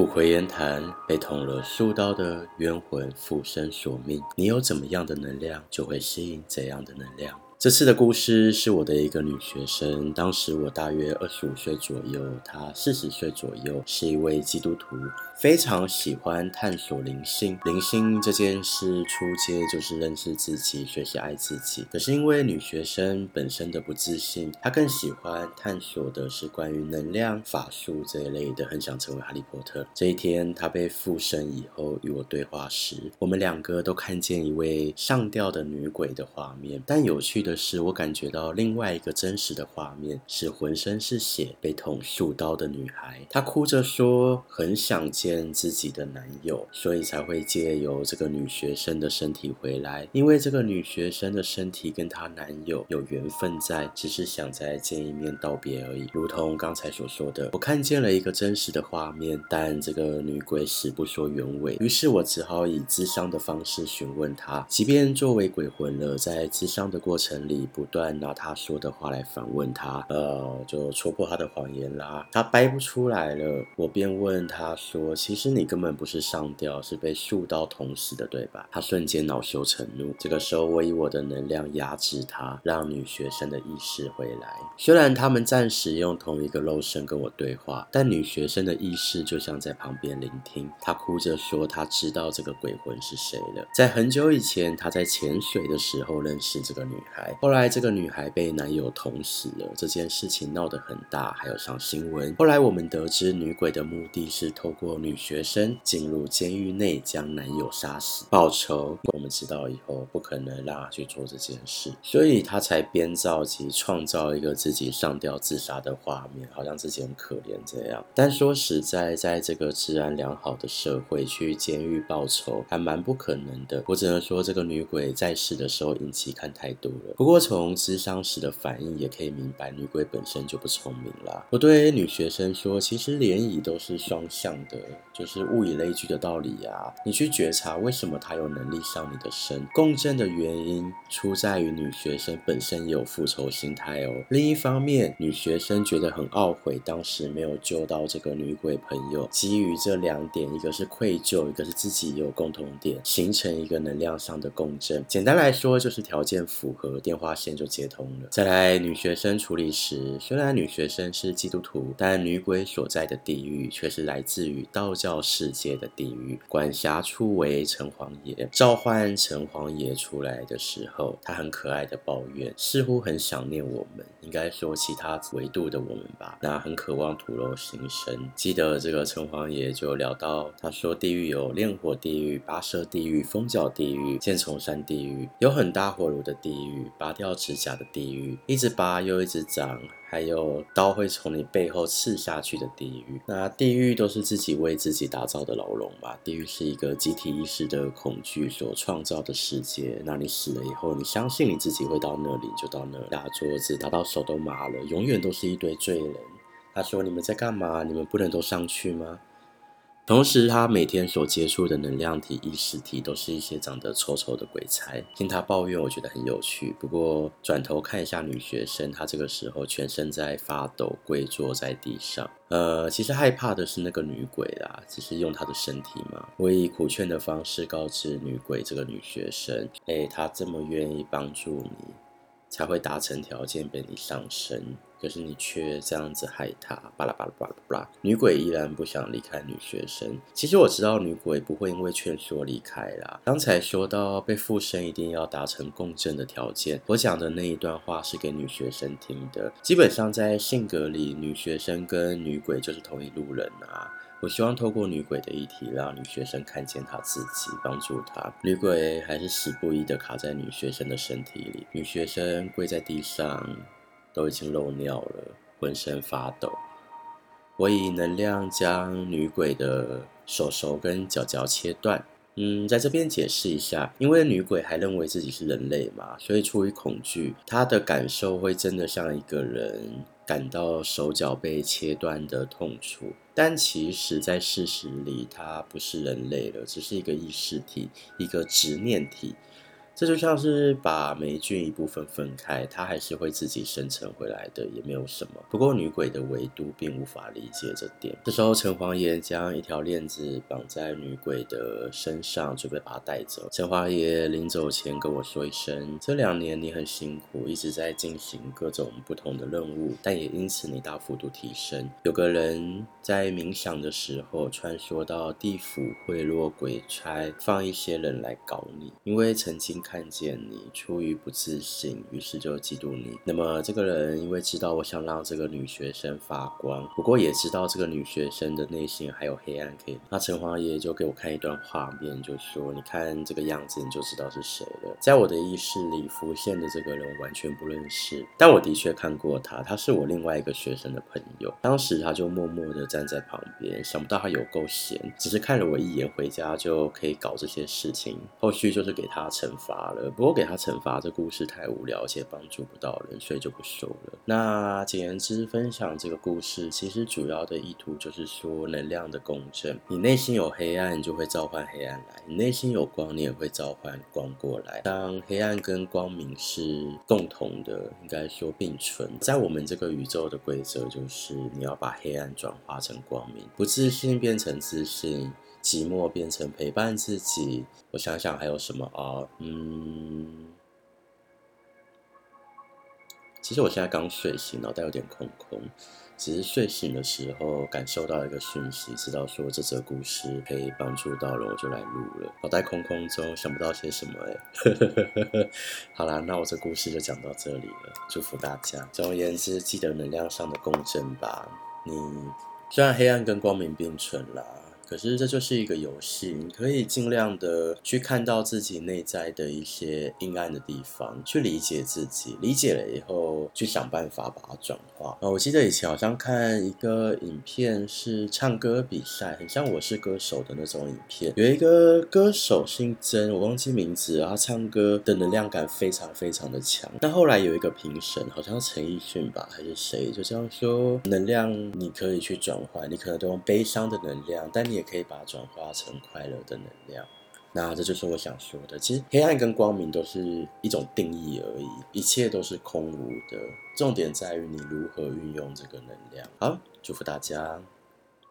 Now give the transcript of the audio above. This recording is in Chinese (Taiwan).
不魁言談被捅了數刀的冤魂附身索命，你有怎麼樣的能量，就會吸引怎樣的能量。這次的故事是我的一個女學生，當時我大約二十五歲左右，她四十歲左右，是一位基督徒，非常喜歡探索靈性。靈性這件事初階就是認識自己，學習愛自己。可是因為女學生本身的不自信，她更喜歡探索的是關於能量、法術這一類的，很想成為哈利波特。這一天她被附身以後與我對話時，我們兩個都看見一位上吊的女鬼的畫面，但有趣的。就是我感覺到另外一個真實的畫面，是渾身是血被捅數刀的女孩，她哭着說很想見自己的男友，所以才會借由這個女學生的身體回來，因為這個女學生的身體跟她男友有緣分在，只是想再見一面道別而已。如同剛才所說的，我看見了一個真實的畫面，但這個女鬼死不說原委，於是我只好以諮商的方式詢問她，即便作為鬼魂了，在諮商的過程裡不斷拿他說的話來反問他，呃，就戳破他的謊言啦啊。他掰不出來了，我便問他說：“其實你根本不是上吊，是被數刀捅死的，對吧？”他瞬間惱羞成怒。這個時候，我以我的能量壓制他，讓女學生的意識回來。雖然他們暫時用同一個肉身跟我對話，但女學生的意識就像在旁邊聆聽。她哭着說：“她知道這個鬼魂是誰了。在很久以前，她在潛水的時候認識這個女孩。”後來，這個女孩被男友捅死了，這件事情鬧得很大，還有上新聞。後來我們得知，女鬼的目的是透過女學生進入監獄內將男友殺死報仇。我們知道以後不可能讓她去做這件事，所以她才編造及創造一個自己上吊自殺的畫面，好像自己很可憐這樣。但說實在，在這個治安良好的社會去監獄報仇還蠻不可能的。我只能說，這個女鬼在世的時候影集看太多了。不過從諮商時的反應也可以明白，女鬼本身就不聰明了。我對女學生說，其實聯誼都是雙向的，就是物以類聚的道理啊。你去覺察，為什麼她有能力上你的身？共振的原因出在於女學生本身也有復仇心態哦。另一方面，女學生覺得很懊悔，當時沒有救到這個女鬼朋友。基於這兩點，一個是愧疚，一個是自己也有共同點，形成一個能量上的共振。簡單來說，就是條件符合。電話線就接通了。再來，女學生處理時，雖然女學生是基督徒，但女鬼所在的地獄卻是來自於道教世界的地獄，管轄處為城隍爺。召喚城隍爺出來的時候，他很可愛的抱怨，似乎很想念我們，應該說其他維度的我們吧。那很渴望吐露心聲。記得這個城隍爺就聊到，他說地獄有煉火地獄、拔舌地獄、封角地獄、千崇山地獄，有很大火爐的地獄。拔掉指甲的地獄，一直拔又一直長，還有刀會從你背後刺下去的地獄。那地獄都是自己為自己打造的牢籠吧？地獄是一個集體意識的恐懼所創造的世界。那你死了以後，你相信你自己會到那裡就到那裡打桌子，打到手都麻了，永遠都是一堆罪人。他說：“你們在幹嘛？你們不能都上去嗎？”同時，他每天所接觸的能量體、意識體都是一些長得醜丑的鬼才。聽他抱怨，我覺得很有趣。不過轉頭看一下女學生，她這個時候全身在發抖，跪坐在地上。呃，其實害怕的是那個女鬼啦，只是用她的身體嘛。我以苦勸的方式告知女鬼這個女學生，欸，她這麼願意幫助你，才會達成條件被你上身。可、就是你卻這樣子害她，巴拉巴拉巴拉巴拉。女鬼依然不想離開女學生。其實我知道女鬼不會因為勸說離開啦。剛才說到被附身一定要達成共振的條件，我講的那一段話是給女學生聽的。基本上在性格裡，女學生跟女鬼就是同一路人啊。我希望透過女鬼的議題，讓女學生看見她自己，幫助她。女鬼還是死不依地卡在女學生的身體裡。女學生跪在地上。都已經漏尿了，渾身發抖。我以能量將女鬼的手手跟腳腳切斷。嗯，在這邊解釋一下，因為女鬼還認為自己是人類嘛，所以出於恐懼，她的感受會真的像一個人感到手腳被切斷的痛楚。但其實，在事實裡，她不是人類了，只是一個意識體，一個執念體。這就像是把霉菌一部分分開，它還是會自己生成回來的，也沒有什麼。不過女鬼的維度並無法理解這點。這時候城隍爺將一條鏈子綁在女鬼的身上，準備把她帶走。城隍爺臨走前跟我說一聲：“這兩年你很辛苦，一直在進行各種不同的任務，但也因此你大幅度提升。有個人在冥想的時候穿梭到地府賄賂鬼差，放一些人來搞你，因為曾經。”看見你出於不自信，於是就嫉妒你。那麼這個人因為知道我想讓這個女學生發光，不過也知道這個女學生的內心還有黑暗。可以，那陳華爺爺就給我看一段畫面，就說：“你看這個樣子，你就知道是誰了。”在我的意識裡浮現的這個人，我完全不認識，但我的確看過他，他是我另外一個學生的朋友。當時他就默默的站在旁邊，想不到他有夠閒，只是看了我一眼，回家就可以搞這些事情。後續就是給他成，罷了，不過給他懲罰這故事太無聊，且幫助不到人，所以就不收了。那簡言之，分享這個故事，其實主要的意圖就是說能量的共振。你內心有黑暗，就會召喚黑暗來；你內心有光，你也會召喚光過來。當黑暗跟光明是共同的，應該說並存。在我們這個宇宙的規則，就是你要把黑暗轉化成光明，不自信變成自信。寂寞變成陪伴自己，我想想還有什麼啊？嗯，其實我現在剛睡醒，腦袋有點空空。只是睡醒的時候感受到一個訊息，知道說這則故事可以幫助到我，就來錄了。腦袋空空中想不到些什麼，哎。好啦，那我這故事就講到這裡了。祝福大家，總而言之，記得能量上的共振吧。你雖然黑暗跟光明並存啦。可是這就是一個遊戲，你可以盡量的去看到自己內在的一些陰暗的地方，去理解自己，理解了以後去想辦法把它轉化。啊、哦，我記得以前好像看一個影片是唱歌比賽，很像《我是歌手》的那種影片，有一個歌手姓曾，我忘記名字，他唱歌的能量感非常非常的強。但後來有一個評審，好像陳奕迅吧還是誰，就這樣說，能量你可以去轉換，你可能都用悲傷的能量，但你。也可以把它轉化成快樂的能量。那這就是我想說的。其實黑暗跟光明都是一種定義而已，一切都是空無的。重點在於你如何運用這個能量。好，祝福大家。